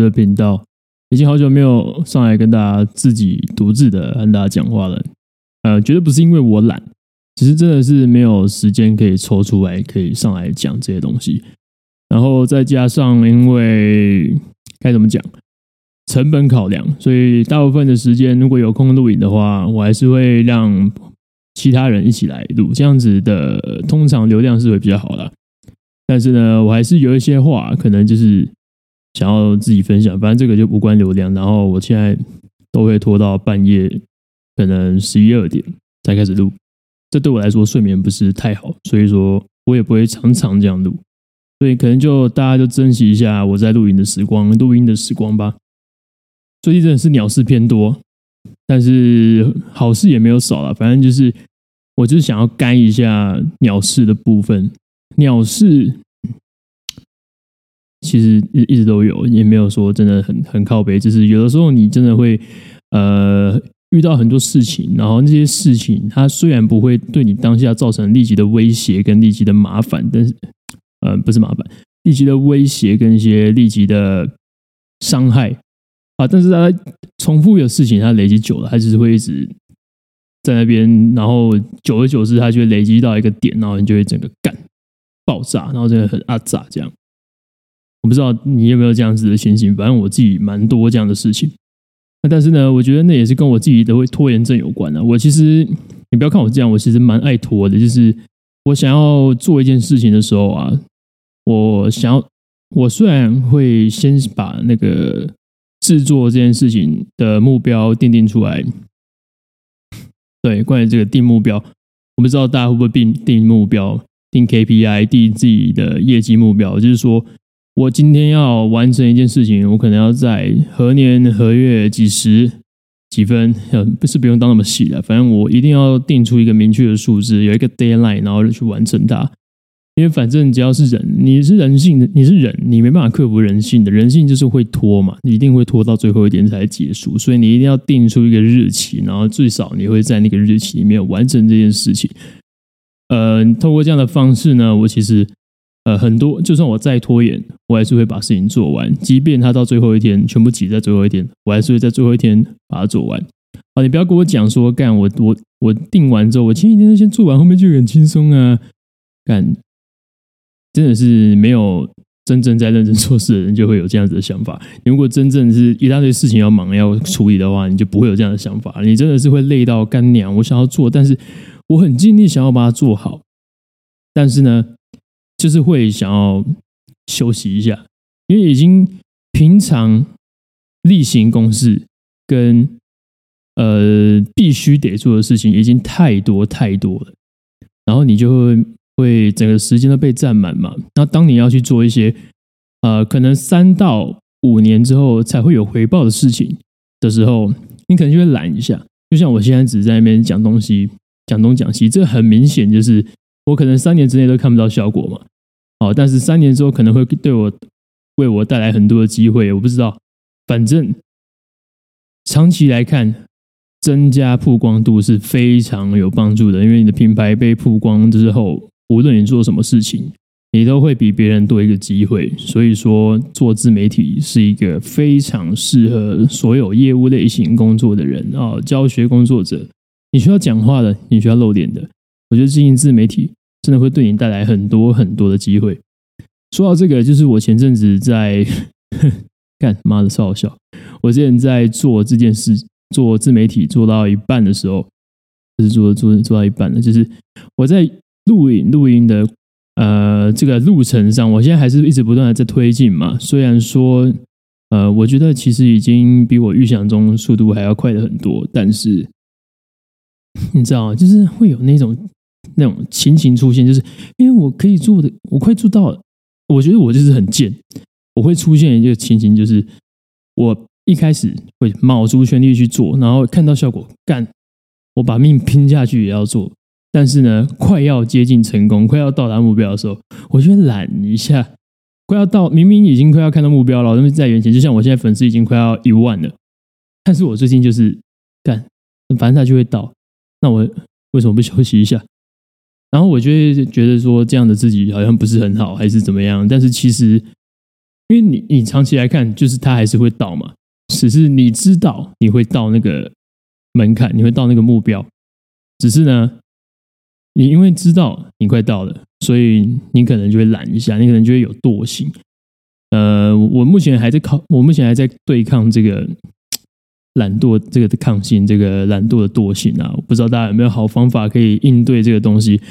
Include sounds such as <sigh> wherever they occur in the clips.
的頻道已經好久沒有上來跟大家自己獨自的跟大家講話了，呃，絕對不是因為我懶，其實真的是沒有時間可以抽出來可以上來講這些東西，然後再加上因為該怎麼講，成本考量，所以大部分的時間如果有空錄影的話，我還是會讓其他人一起來錄，這樣子的通常流量是會比較好的，但是呢，我還是有一些話可能就是。想要自己分享，反正這個就無關流量。然後我現在都會拖到半夜，可能十一二點才開始錄。這對我來說睡眠不是太好，所以說我也不會常常這樣錄。所以可能就大家就珍惜一下我在錄音的時光，錄音的時光吧。最近真的是鳥事偏多，但是好事也沒有少了。反正就是我就是想要幹一下鳥事的部分，鳥事。其實一直都有，也沒有說真的很很靠北。就是有的時候你真的會，呃，遇到很多事情，然後那些事情它雖然不會對你當下造成立即的威脅跟立即的麻煩，但是，呃，不是麻煩，立即的威脅跟一些立即的傷害啊。但是它重複的事情，它累積久了，它只是會一直在那邊，然後久而久之，它就會累積到一個點，然後你就會整個幹爆炸，然後真的很阿雜這樣。我不知道你有沒有這樣子的情形？反正我自己蠻多這樣的事情。那但是呢，我覺得那也是跟我自己的拖延症有關的啊。我其實你不要看我這樣，我其實蠻愛拖的。就是我想要做一件事情的時候啊，我想要我雖然會先把那個制作這件事情的目標定定出來。對，關於這個定目標，我不知道大家會不會定定目標、定 KPI、定自己的業績目標，就是說。我今天要完成一件事情，我可能要在何年何月幾時幾分，不是，不用當那麼細了，反正我一定要定出一個明確的數字，有一個 deadline 然後去完成它。因為反正只要是人，你是人性的，你是人，你沒辦法克服人性的，人性就是會拖嘛，你一定會拖到最後一點才結束。所以你一定要定出一個日期，然後最少你會在那個日期裡面完成這件事情。呃，通過這樣的方式呢，我其實呃很多，就算我再拖延。我還是會把事情做完，即便他到最後一天全部擠在最後一天，我還是會在最後一天把它做完。好，你不要跟我講說幹我我我定完之後，我前幾天先做完，後面就很輕鬆啊。幹，真的是沒有真正在認真做事的人，就會有這樣子的想法。你如果真正是一大堆事情要忙要處理的話，你就不會有這樣的想法。你真的是會累到幹娘。我想要做，但是我很盡力想要把它做好，但是呢，就是會想要。休息一下，因為已經平常例行公事跟呃必須得做的事情已經太多太多了，然後你就會會整個時間都被佔滿嘛。那當你要去做一些、呃、可能三到五年之後才會有回報的事情的時候，你可能就會懶一下。就像我現在只在那邊講東西，講東講西，這個很明顯就是我可能三年之內都看不到效果嘛。哦，但是三年之後可能會對我為我帶來很多的機會，我不知道。反正長期來看，增加曝光度是非常有幫助的，因為你的品牌被曝光之後，無論你做什麼事情，你都會比別人多一個機會。所以說，做自媒體是一個非常適合所有業務類型工作的人啊，教學工作者，你需要講話的，你需要露臉的，我覺得經營自媒體。真的會對你帶來很多很多的機會。說到這個，就是我前陣子在呵呵幹，媽的少校。我之前在做這件事，做自媒體做到一半的時候，就是做做做到一半了。就是我在錄影錄音的呃這個路程上，我現在還是一直不斷的在推進嘛。雖然說呃，我覺得其實已經比我預想中速度還要快的很多，但是你知道，就是會有那種。那種情形出現，就是因為我可以做的，我快做到了。我覺得我就是很賤，我會出現一個情形，就是我一開始會卯足全力去做，然後看到效果，幹，我把命拼下去也要做。但是呢，快要接近成功，快要到達目標的時候，我就會懶一下，快要到明明已經快要看到目標了，但是在眼前，就像我現在粉絲已經快要一萬了，但是我最近就是幹，反正他就會到。那我為什麼不休息一下？然後我就會覺得說這樣的自己好像不是很好，還是怎麼樣？但是其實，因為你你長期來看，就是它還是會到嘛。只是你知道你會到那個門檻，你會到那個目標。只是呢，你因為知道你快到了，所以你可能就會懶一下，你可能就會有惰性。呃，我目前還在抗，我目前還在對抗這個。懶惰這個的抗性，這個懶惰的惰性啊，我不知道大家有沒有好方法可以應對這個東西。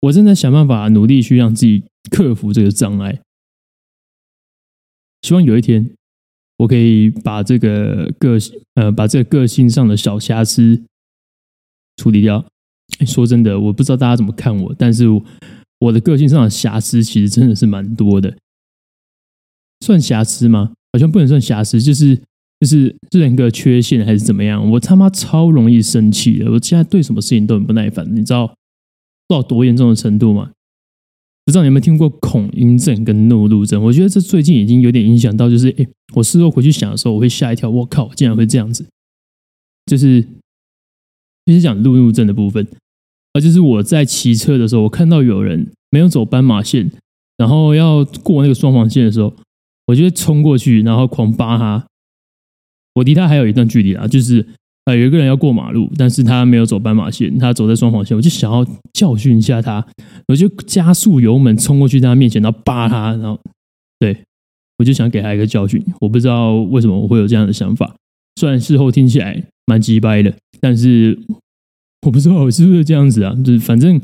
我正在想辦法，努力去讓自己克服這個障礙。希望有一天，我可以把這個個性，呃，把這個個性上的小瑕疵處理掉。說真的，我不知道大家怎麼看我，但是我，我的個性上的瑕疵其實真的是蠻多的。算瑕疵嗎？好像不能算瑕疵，就是。就是這兩個缺陷，還是怎麼樣？我他媽超容易生氣的，我現在對什麼事情都很不耐煩，你知道到多嚴重的程度嗎？不知道你有沒有聽過恐音症跟路怒症？我覺得這最近已經有點影響到，就是誒、欸、我事後回去想的時候，我會嚇一跳，我靠，我竟然會這樣子。就是就是講路怒症的部分，啊，就是我在騎車的時候，我看到有人沒有走斑馬線，然後要過那個雙黃線的時候，我就會衝過去，然後狂扒他。我離他還有一段距離啦，就是啊，有一個人要過馬路,但是他沒有走斑馬線,他走在雙黃線，我就想要教訓一下他，我就加速油門衝過去在他面前，然後扒他，然後對，我就想給他一個教訓。我不知道為什麼我會有這樣的想法，雖然事後聽起來蠻雞掰的，但是我不知道我是不是這樣子啊，就是反正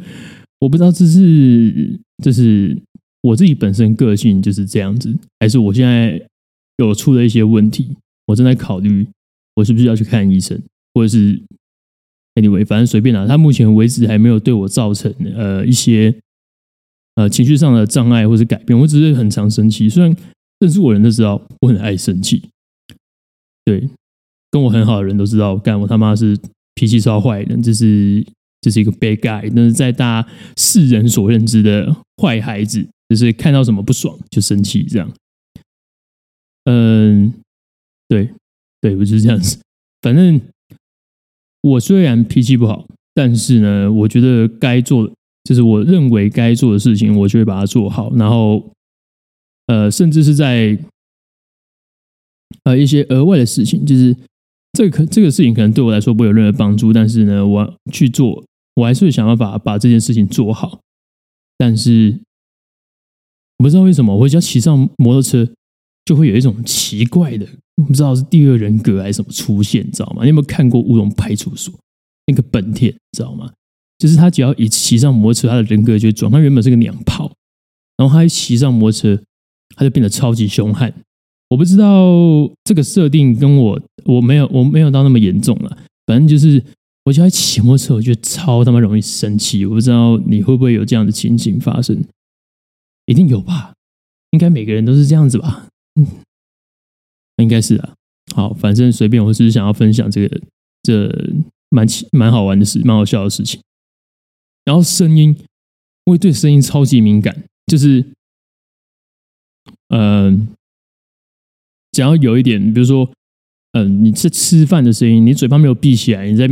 我不知道這是這是我自己本身個性就是這樣子，還是我現在有出了一些問題。我正在考慮，我是不是要去看醫生，或者是 anyway，反正隨便啦、啊。他目前為止還沒有對我造成呃一些呃情緒上的障礙或是改變。我只是很常生氣，雖然認識我人都知道我很愛生氣。對，跟我很好的人都知道，幹我他媽是脾氣超壞的人，這是這是一個 bad guy。但是在大世人所認知的壞孩子，就是看到什麼不爽就生氣這樣。嗯。對，對，我，就是這樣子。反正我雖然脾氣不好，但是呢，我覺得該做的就是我認為該做的事情，我就會把它做好。然後，呃，甚至是在呃一些額外的事情，就是這個這個事情可能對我來說不會有任何幫助，但是呢，我去做，我還是想要把，把這件事情做好。但是我不知道為什麼我只要騎上摩托車，就會有一種奇怪的，我不知道是第二人格還是什麼出現，你知道嗎？你有沒有看過《烏龍派出所》那個本田，知道嗎？就是他只要一騎上摩托車，他的人格就會轉。他原本是個娘炮，然後他一騎上摩托車，他就變得超級兇悍。我不知道這個設定跟我我沒有我沒有到那麼嚴重了。反正就是，我就要騎摩托車，我覺得超他媽容易生氣。我不知道你會不會有這樣的情形發生？一定有吧？應該每個人都是這樣子吧？嗯，應該是啦、啊，好，反正隨便，我只是，是想要分享這個這蠻奇蠻好玩的事，蠻好笑的事情。然後聲音，我對聲音超級敏感，就是，嗯、呃，只要有一點，比如說，嗯、呃，你在吃吃飯的聲音，你嘴巴沒有閉起來，你在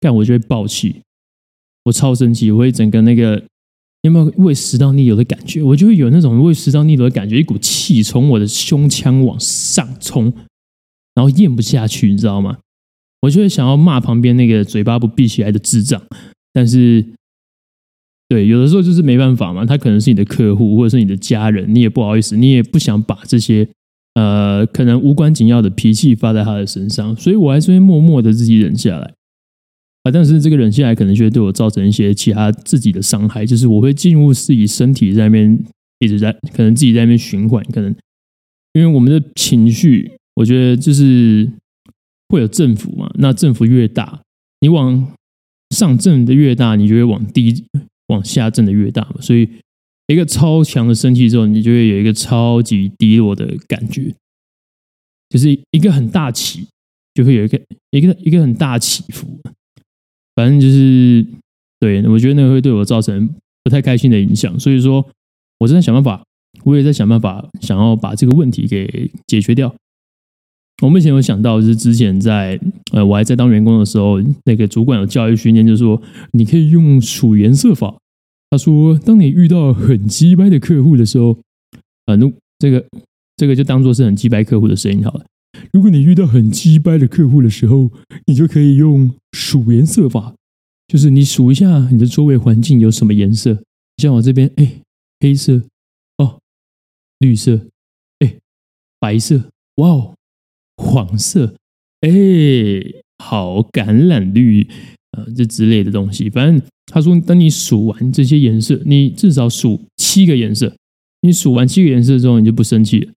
幹，我就會爆氣，我超生氣，我會整個那個。有沒有胃食道逆流的感覺？我就會有那種胃食道逆流的感覺，一股氣從我的胸腔往上衝，然後嚥不下去，你知道嗎？我就會想要罵旁邊那個嘴巴不閉起來的智障，但是，對，有的時候就是沒辦法嘛。他可能是你的客戶，或者是你的家人，你也不好意思，你也不想把這些呃可能無關緊要的脾氣發在他的身上，所以我還是會默默的自己忍下來。但是這個人現在可能就會對我造成一些其他自己的傷害，就是我會進入自己身體在那邊一直在，可能自己在那邊循環，可能因為我們的情緒，我覺得就是會有振幅嘛。那振幅越大，你往上振的越大，你就會往低往下振的越大嘛。所以一個超強的生氣之後，你就會有一個超級低落的感覺，就是一個很大起，就會有一個一個一個很大起伏。反正就是，對我覺得那個會對我造成不太開心的影響，所以說，我正在想辦法，我也在想辦法，想要把這個問題給解決掉。我目前有想到，就是之前在，呃，我還在當員工的時候，那個主管有教育訓練，就是說你可以用數顏色法。他說，當你遇到很雞掰的客戶的時候，啊，那這個這個就當做是很雞掰客戶的聲音好了。如果你遇到很雞掰的客戶的時候，你就可以用數顏色法，就是你數一下你的周圍環境有什麼顏色。像我這邊，哎，黑色，哦，綠色，哎，白色，哇哦，黃色，哎，好，橄欖綠，啊，這之類的東西。反正他說，當你數完這些顏色，你至少數七個顏色，你數完七個顏色之後，你就不生氣了。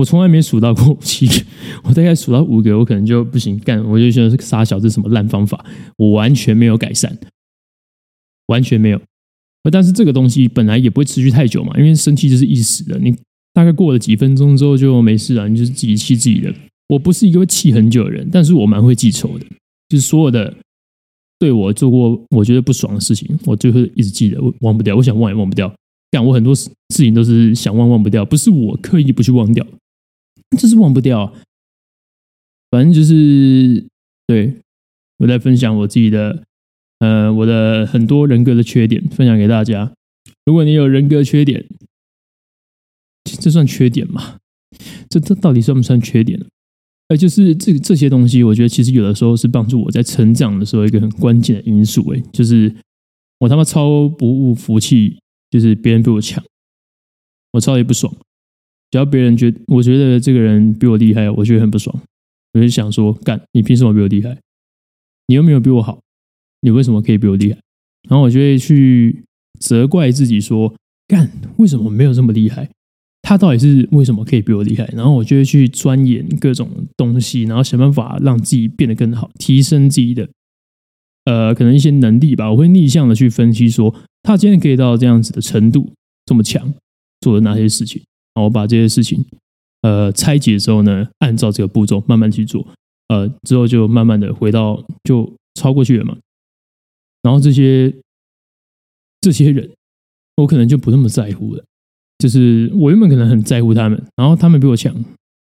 我從來沒數到過七，我大概數到五個，我可能就不行幹，我就覺得是傻小子，什麼爛方法，我完全沒有改善，完全沒有。但是這個東西本來也不會持續太久嘛，因為生氣就是一時的，你大概過了幾分鐘之後就沒事了啊，你就是自己氣自己的。我不是一個會氣很久的人，但是我蠻會記仇的，就是所有的對我做過我覺得不爽的事情，我就會一直記得，我忘不掉，我想忘也忘不掉。但我很多事情都是想忘忘不掉，不是我刻意不去忘掉。這是忘不掉，啊，反正就是對，我在分享我自己的，呃，我的很多人格的缺點，分享給大家。如果你有人格缺點，這算缺點嗎？這這到底算不算缺點？啊？哎，就是這這些東西，我覺得其實有的時候是幫助我在成長的時候一個很關鍵的因素。哎，就是我他媽超不服氣，就是別人比我強，我超級不爽。只要別人覺，我覺得這個人比我厲害，我覺得很不爽。我就想說，幹，你憑什麼比我厲害？你又沒有比我好，你為什麼可以比我厲害？然後我就會去責怪自己說，幹，為什麼沒有這麼厲害？他到底是為什麼可以比我厲害？然後我就會去鑽研各種東西，然後想辦法讓自己變得更好，提升自己的呃可能一些能力吧。我會逆向的去分析說，他今天可以到這樣子的程度，這麼強，做了哪些事情。然後我把這些事情，呃，拆解之後呢，按照這個步驟慢慢去做，呃，之後就慢慢的回到就超過去了嘛。然後這些這些人，我可能就不那麼在乎了，就是我原本可能很在乎他們，然後他們比我強，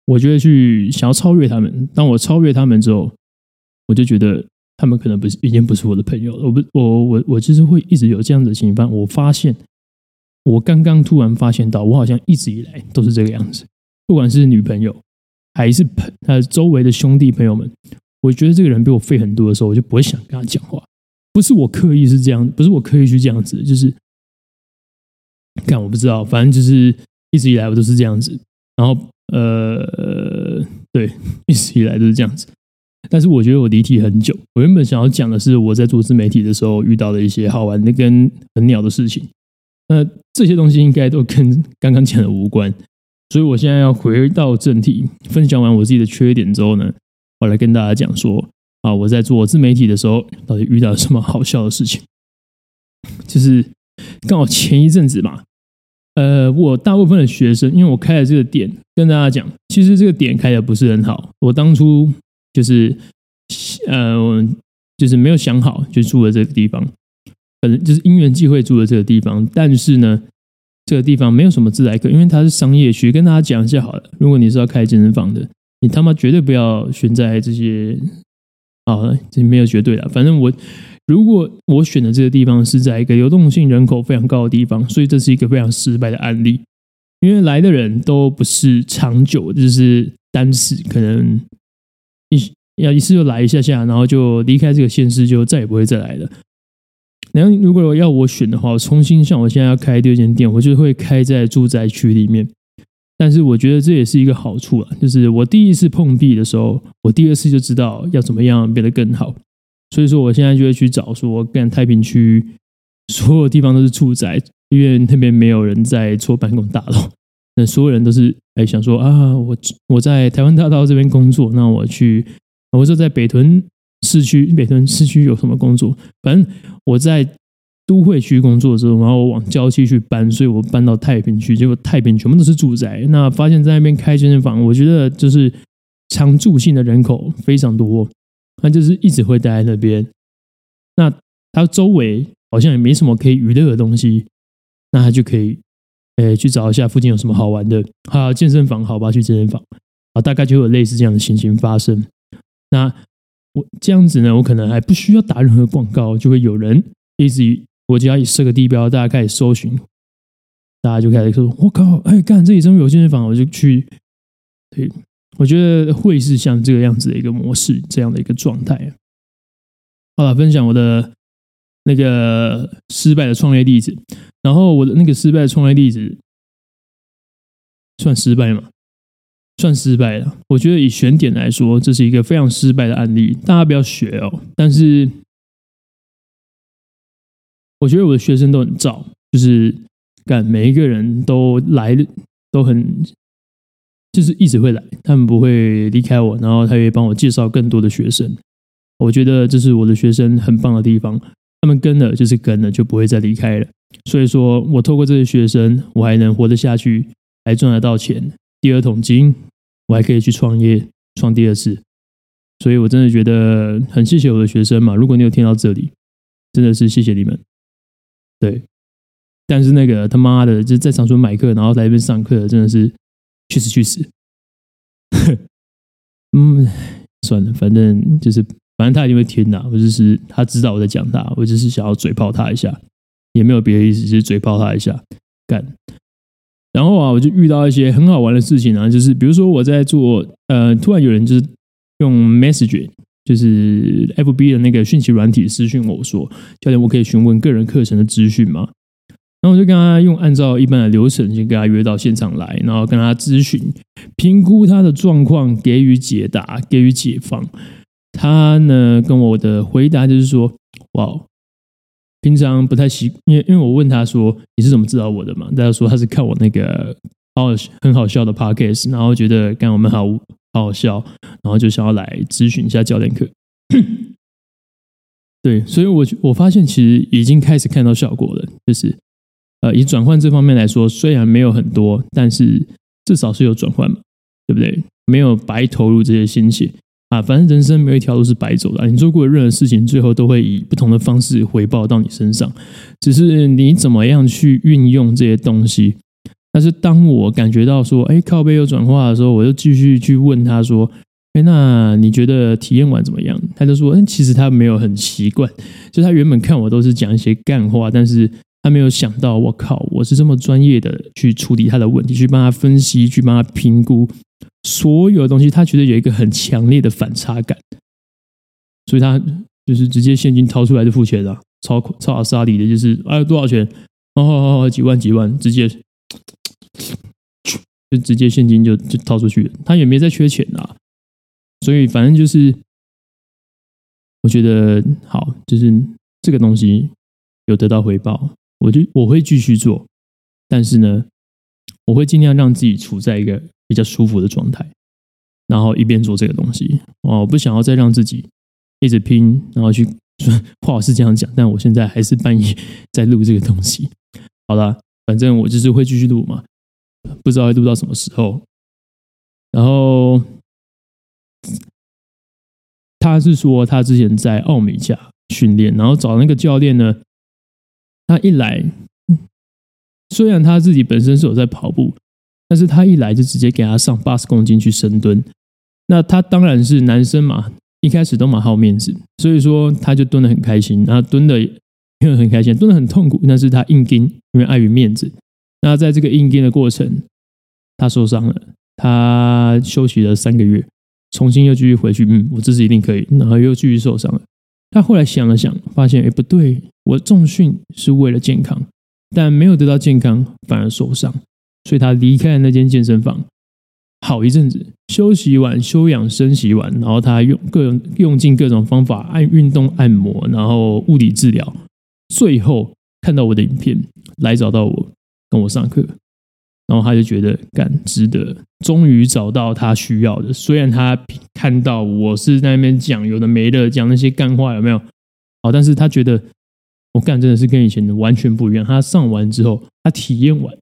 我就會去想要超越他們。當我超越他們之後，我就覺得他們可能不是已經不是我的朋友了。我不，我我我其實會一直有這樣的情況。我發現。我剛剛突然發現到，我好像一直以來都是這個樣子，不管是女朋友還是朋呃周圍的兄弟朋友們，我覺得這個人比我廢很多的時候，我就不會想跟他講話。不是我刻意是這樣，不是我刻意去這樣子，就是幹，我不知道，反正就是一直以來我都是這樣子。然後呃，對，一直以來都是這樣子。但是我覺得我離題很久。我原本想要講的是我在做自媒體的時候遇到的一些好玩的跟很鳥的事情。那這些東西應該都跟剛剛講的無關，所以我現在要回到正題。分享完我自己的缺點之後呢，我來跟大家講說啊，我在做自媒體的時候到底遇到什麼好笑的事情？就是剛好前一陣子嘛，呃，我大部分的學生，因為我開了這個店，跟大家講，其實這個店開的不是很好。我當初就是呃，就是沒有想好就住了這個地方。反正就是因緣際會住的這個地方，但是呢，這個地方沒有什麼自來客，因為它是商業區。跟大家講一下好了，如果你是要開健身房的，你他媽絕對不要選在這些。好了，這沒有絕對的，反正我如果我選的這個地方是在一個流動性人口非常高的地方，所以這是一個非常失敗的案例，因為來的人都不是長久，就是單次，可能一要一次就來一下下，然後就離開這個縣市，就再也不會再來了。然後如果要我選的話，我重新像我現在要開第二間店，我就會開在住宅區裡面。但是我覺得這也是一個好處啊，就是我第一次碰壁的時候，我第二次就知道要怎麼樣變得更好。所以說，我現在就會去找說，干太平區所有地方都是住宅，因為那邊沒有人在做辦公大樓，那所有人都是想說啊，我我在台灣大道這邊工作，那我去，我說在北屯。市區，北屯市區有什麼工作？反正我在都會區工作之後，然後我往郊區去搬，所以我搬到太平區，結果太平全部都是住宅。那發現，在那邊開健身房，我覺得就是常住性的人口非常多，那就是一直會待在那邊。那它周圍好像也沒什麼可以娛樂的東西，那他就可以，誒、欸，去找一下附近有什麼好玩的。好，好健身房，好吧，去健身房。啊，大概就會有類似這樣的情形發生。那。我這樣子呢，我可能還不需要打任何廣告，就會有人。一直，我只要以設個地標，大家開始搜尋，大家就開始說：“我靠，哎、欸，幹這裡終於有健身房，我就去。”對，我覺得會是像這個樣子的一個模式，這樣的一個狀態。好了，分享我的那個失敗的創業例子，然後我的那個失敗的創業例子算失敗嗎？算失敗了，我覺得以選點來說，這是一個非常失敗的案例。大家不要學哦。但是，我覺得我的學生都很罩，就是干每一個人都來都很，就是一直會來，他們不會離開我。然後他也幫我介紹更多的學生。我覺得這是我的學生很棒的地方。他們跟了就是跟了，就不會再離開了。所以說我透過這些學生，我還能活得下去，還賺得到錢，第二桶金。我還可以去創業，創第二次。所以我真的覺得很謝謝我的學生嘛。如果你有聽到這裡，真的是謝謝你們。對，但是那個他媽的，就在長春買課，然後在那邊上課，真的是去死去死。哼。嗯，算了，反正就是，反正他一定會聽的，我就是，他知道我在講他，我就是想要嘴炮他一下，也沒有別的意思，就是嘴炮他一下，幹。然後啊，我就遇到一些很好玩的事情啊，就是比如說我在做，呃，突然有人就是用 Messenger，就是 FB 的那個訊息軟體私訊我說，教練，我可以詢問個人課程的資訊嗎？然後我就跟他用按照一般的流程先跟他約到現場來，然後跟他諮詢、評估他的狀況，給予解答、給予解放。他呢跟我的回答就是說，哇。平常不太習，因為因為我問他說，你是怎麼知道我的嘛？他說他是看我那個好好很好笑的 podcast，然後覺得跟我們好好好笑，然後就想要來諮詢一下教練課。 <coughs> 對，所以我，我我發現其實已經開始看到效果了，就是呃以轉換這方面來說，雖然沒有很多，但是至少是有轉換嘛，對不對？沒有白投入這些心血。啊，反正人生沒有一條路是白走的。你做過的任何事情，最後都會以不同的方式回報到你身上，只是你怎麼樣去運用這些東西。但是當我感覺到說，誒，靠北又轉化的時候，我就繼續去問他說，誒，那你覺得體驗完怎麼樣？他就說，哎，其實他沒有很習慣，就他原本看我都是講一些幹話，但是他沒有想到，我靠，我是這麼專業的去處理他的問題，去幫他分析，去幫他評估。所有的東西，他覺得有一個很強烈的反差感，所以他就是直接現金掏出來就付錢了。啊，超超阿莎力的就是，哎，多少錢？哦，哦，哦，幾萬幾萬，直接就直接現金就就掏出去，他也沒再缺錢了。啊。所以反正就是，我覺得好，就是這個東西有得到回報，我就我會繼續做，但是呢，我會盡量讓自己處在一個。比較舒服的狀態，然後一邊做這個東西，我不想要再讓自己一直拼，然後去，話是這樣講，但我現在還是半夜在錄這個東西。好了，反正我就是會繼續錄嘛，不知道會錄到什麼時候。然後他是說，他之前在奧米加訓練，然後找那個教練呢，他一來，雖然他自己本身是有在跑步。但是他一來就直接給他上八十公斤去深蹲，那他當然是男生嘛，一開始都嘛好面子，所以說他就蹲得很開心，然後蹲得因為很開心，蹲得很痛苦，但是他硬拼，因為礙於面子。那在這個硬拼的過程，他受傷了，他休息了三個月，重新又繼續回去，嗯，我這次一定可以，然後又繼續受傷了。他後來想了想，發現哎不對，我重訓是為了健康，但沒有得到健康，反而受傷。所以他離開了那間健身房，好一陣子休息完，休養生息完，然後他用各種用盡各種方法按運動、按摩，然後物理治療，最後看到我的影片來找到我，跟我上課，然後他就覺得幹，值得，終於找到他需要的。雖然他看到我是在那邊講有的沒的，講那些幹話有沒有好，但是他覺得我、哦、幹真的是跟以前的完全不一樣。他上完之後，他體驗完。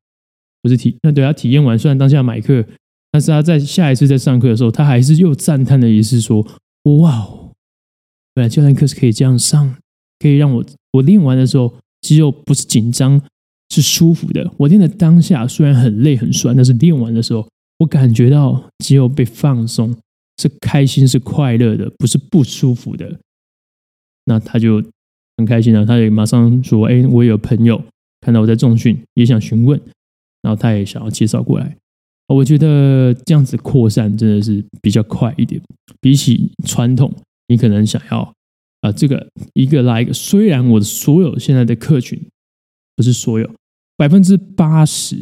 不是體，那對他體驗完，雖然當下買課，但是他在下一次在上課的時候，他還是又讚嘆了一次，說：“哇哦，原來教練課是可以這樣上，可以讓我我練完的時候肌肉不是緊張，是舒服的。我練的當下雖然很累很酸，但是練完的時候，我感覺到肌肉被放鬆，是開心是快樂的，不是不舒服的。”那他就很開心了，他也馬上說：“哎、欸，我有朋友看到我在重訓，也想詢問。”然後他也想要介紹過來，我覺得這樣子擴散真的是比較快一點，比起傳統，你可能想要啊，這個一個拉一個。雖然我的所有現在的客群，不是所有80，百分之八十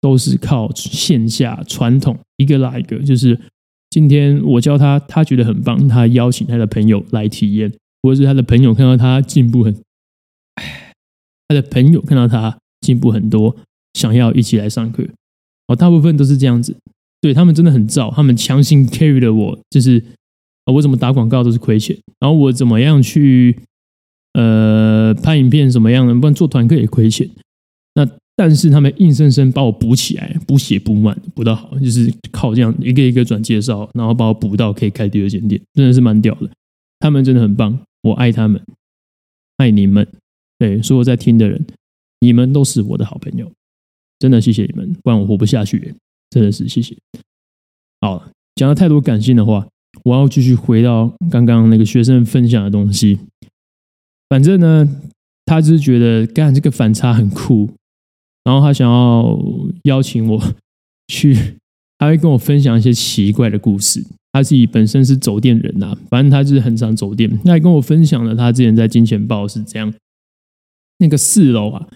都是靠線下傳統一個拉一個，就是今天我教他，他覺得很棒，他邀請他的朋友來體驗，或者是他的朋友看到他進步很唉，他的朋友看到他進步很多，想要一起來上課，哦，大部分都是這樣子，對，他們真的很罩，他們強行 carry 了我，就是我怎麼打廣告都是虧錢，然後我怎麼樣去呃拍影片怎麼樣的，不然做團課也虧錢，那但是他們硬生生把我補起來，補血補滿，補到好，就是靠這樣一個一個轉介紹，然後把我補到可以開第二間店，真的是蠻屌的，他們真的很棒，我愛他們，愛你們，對所有在聽的人，你們都是我的好朋友。真的謝謝你們，不然我活不下去。真的是謝謝。好，講了太多感性的話，我要繼續回到剛剛那個學生分享的東西。反正呢，他就是覺得幹這個反差很酷，然後他想要邀請我去，他會跟我分享一些奇怪的故事。他自己本身是走電人吶、啊，反正他就是很常走電。那他也跟我分享了他之前在《金錢豹》是怎樣，那個四樓啊。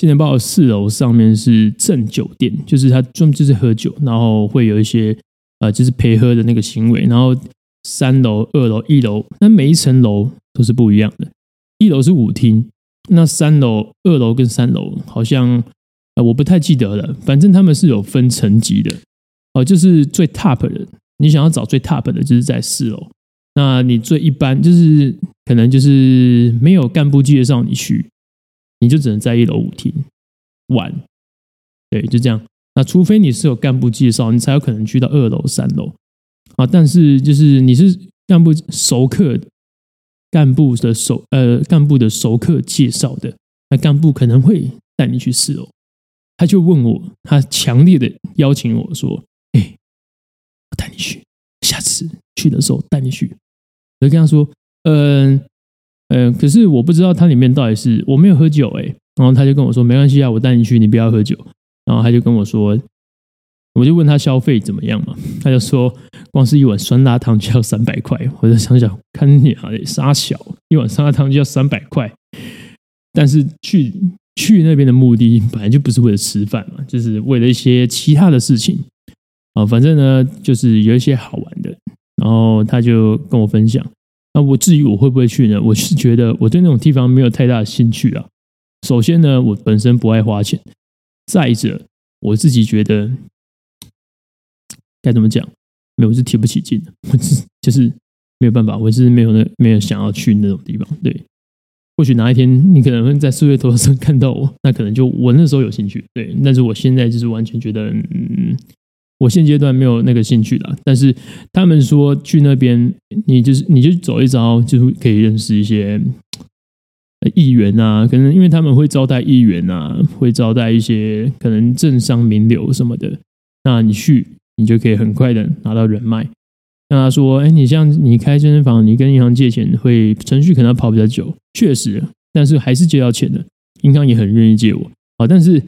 今在，年報括四樓上面是正酒店，就是他專門就是喝酒，然後會有一些呃，就是陪喝的那個行為。然後三樓、二樓、一樓，那每一層樓都是不一樣的。一樓是舞廳，那三樓、二樓跟三樓好像、呃，我不太記得了。反正他們是有分層級的哦、呃，就是最 top 的，你想要找最 top 的，就是在四樓。那你最一般，就是可能就是沒有幹部級紹你去。你就只能在一樓舞廳玩，對，就這樣。那除非你是有幹部介紹，你才有可能去到二樓、三樓啊。但是就是你是幹部熟客，幹部的熟，呃，幹部的熟客介紹的，那幹部可能會帶你去四樓。他就問我，他強烈的邀請我說：“哎，我帶你去，下次去的時候帶你去。”我就跟他說：“嗯。”呃、嗯，可是我不知道它裡面到底是我沒有喝酒，誒、欸，然後他就跟我說沒關係啊，我帶你去，你不要喝酒。然後他就跟我說，我就問他消費怎麼樣嘛，他就說光是一碗酸辣湯就要三百塊。我就想想，看你、啊、傻小，一碗酸辣湯就要三百塊。但是去去那邊的目的本來就不是為了吃飯嘛，就是為了一些其他的事情啊，反正呢就是有一些好玩的。然後他就跟我分享。那、啊、我至於我會不會去呢？我是覺得我對那種地方沒有太大的興趣啊。首先呢，我本身不愛花錢；再者，我自己覺得該怎麼講，沒有，我是提不起勁的。我只、就是、就是沒有辦法，我是沒有那沒有想要去那種地方。對，或許哪一天你可能會在社會頭條上看到我，那可能就我那時候有興趣。對，但是我現在就是完全覺得，嗯。我現階段沒有那個興趣了，但是他們說去那邊，你就是你就走一遭，就是可以認識一些議員啊，可能因為他們會招待議員啊，會招待一些可能政商名流什麼的。那你去，你就可以很快的拿到人脈。那他說，哎、欸，你像你開健身房，你跟銀行借錢會，會程序可能要跑比較久，確實，但是還是借到錢的，銀行也很願意借我。啊，但是。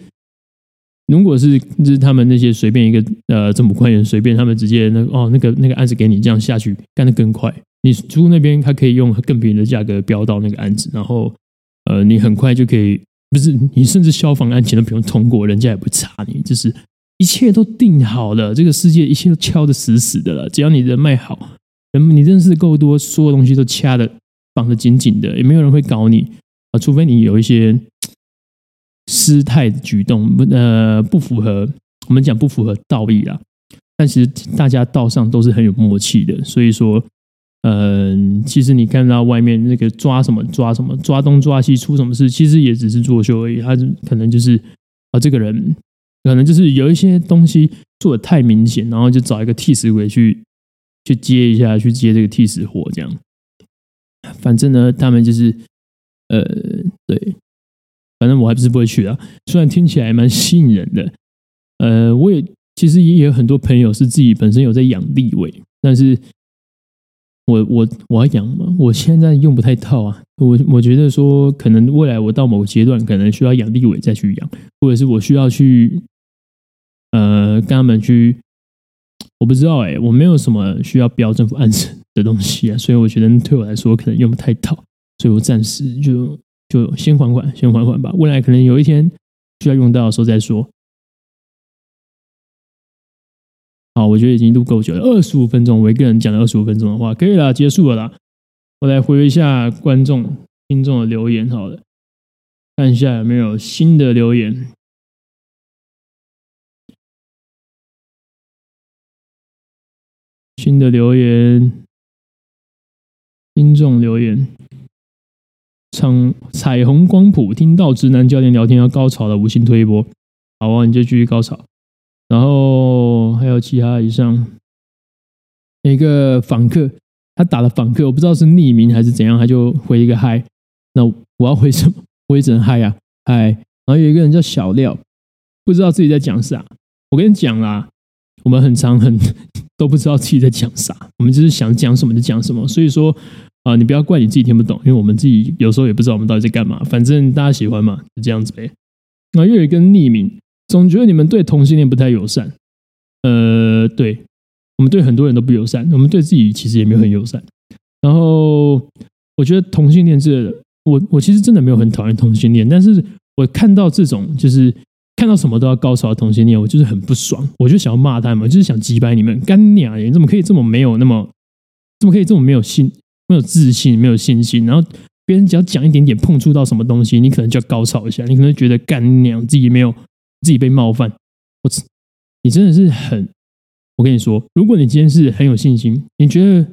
如果是就是他們那些隨便一個呃政府官員隨便他們直接那哦那個那個案子給你這樣下去幹得更快，你租那邊他可以用更便宜的價格標到那個案子，然後呃你很快就可以不是你甚至消防安全都不用通過，人家也不查你，就是一切都定好了，這個世界一切都敲得死死的了，只要你的賣人脈好人你認識夠多，所有東西都掐得綁得緊緊的，也沒有人會搞你，呃，除非你有一些。姿態舉動不呃不符合我們講不符合道義啦，但其實大家道上都是很有默契的，所以說嗯、呃，其實你看到外面那個抓什麼抓什麼抓東抓西出什麼事，其實也只是作秀而已。他可能就是啊、呃、這個人可能就是有一些東西做得太明顯，然後就找一個替死鬼去去接一下，去接這個替死鬼。這樣。反正呢，他們就是呃。反正我還不是不會去的，啊，雖然聽起來蠻吸引人的。呃，我也其實也有很多朋友是自己本身有在養立委，但是我我我要養嗎？我現在用不太到啊。我我覺得說可能未來我到某個階段，可能需要養立委再去養，或者是我需要去呃跟他們去，我不知道哎，欸，我沒有什麼需要標政府案審的東西啊，所以我覺得對我來說，可能用不太到，所以我暫時就。就先緩緩，先緩緩吧。未來可能有一天需要用到的時候再說。好，我覺得已經錄夠久了，二十五分鐘，我一個人講了二十五分鐘的話，可以了，結束了啦。我來回一下觀眾、聽眾的留言，好了，看一下有沒有新的留言。新的留言，聽眾留言。彩虹光譜，聽到直男教練聊天要高潮了，無心推一波。好啊，你就繼續高潮。然後還有其他以上一個訪客，他打了訪客，我不知道是匿名還是怎樣，他就回一個嗨。那我要回什麼？我也只能嗨呀、啊、嗨。然後有一個人叫小廖，不知道自己在講啥。我跟你講啦、啊，我們很常很都不知道自己在講啥，我們就是想講什麼就講什麼，所以說。啊，你不要怪你自己聽不懂，因為我們自己有時候也不知道我們到底在幹嘛。反正大家喜歡嘛，就這樣子唄。那又有一個匿名，總覺得你們對同性戀不太友善。呃，對，我們對很多人都不友善，我們對自己其實也沒有很友善。然後我覺得同性戀這，我我其實真的沒有很討厭同性戀，但是我看到這種就是看到什麼都要高潮的同性戀，我就是很不爽，我就想要罵他們，我就是想擊敗你們，幹你娘！你怎麼可以這麼沒有那麼，怎麼可以這麼沒有心？沒有自信，沒有信心，然後別人只要講一點點，碰觸到什麼東西，你可能就要高潮一下，你可能覺得幹娘自己沒有自己被冒犯，我操，你真的是很……我跟你說，如果你今天是很有信心，你覺得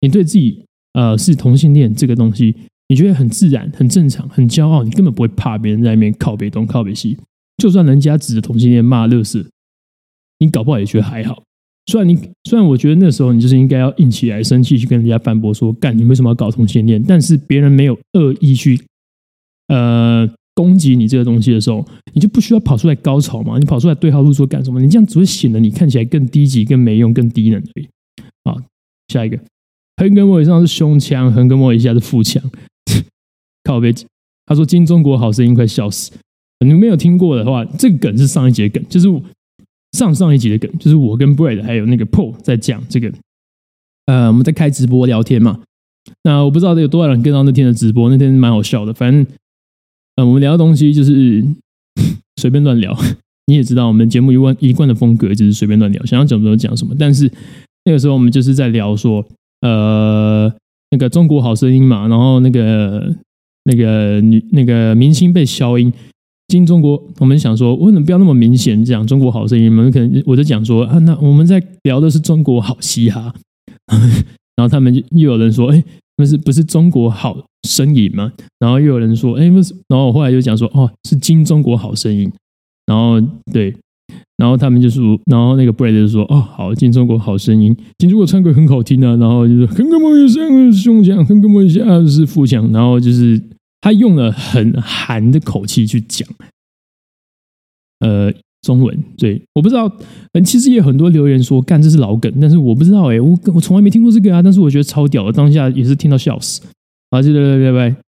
你對自己呃是同性戀這個東西，你覺得很自然、很正常、很驕傲，你根本不會怕別人在那邊靠北東、靠北西，就算人家指着同性戀罵垃圾，你搞不好也覺得還好。雖然你，雖然我覺得那時候你就是應該要硬起來生氣、生氣去跟人家反駁說，幹你為什麼要搞同性戀？但是別人沒有惡意去，呃，攻擊你這個東西的時候，你就不需要跑出來高潮嘛？你跑出來對號入座幹什麼？你這樣只會顯得你看起來更低級、更沒用、更低能而已。好，下一個，橫膈膜以上是胸腔，橫膈膜以下是腹腔。 <laughs> 靠背，他說《金鐘國好聲音》快笑死。你沒有聽過的話，這個梗是上一節梗，就是。上上一集的梗就是我跟 Brad 還有那個 Po 在講這個，呃，我們在開直播聊天嘛。那我不知道有多少人跟到那天的直播，那天蠻好笑的。反正，呃，我們聊的東西就是隨便亂聊。你也知道，我們節目一貫一貫的風格就是隨便亂聊，想要講什麼講什麼。但是那個時候我們就是在聊說，呃，那個中國好聲音嘛，然後那個那個女那個明星被消音，金中國，我們想說，為什麼不要那麼明顯講中國好聲音？我們可能我在講說，啊，那我們在聊的是中國好嘻哈。然後他們又有人說，哎，不是不是中國好聲音嗎？然後又有人說，哎，不是。然後我後來就講說，哦，是金中國好聲音。然後對，然後他們就說，然後那個 b 布萊德就說，哦，好，金中國好聲音，金中國唱歌很好聽啊。然後就是根根毛也是胸腔，根根毛一下是腹腔，然後就是。他用了很寒的口氣去講，呃，中文，對，我不知道，嗯，其實也有很多留言說幹這是老梗，但是我不知道哎，我我從來沒聽過這個啊，但是我覺得超屌的，當下也是聽到笑死，好，記得拜拜拜。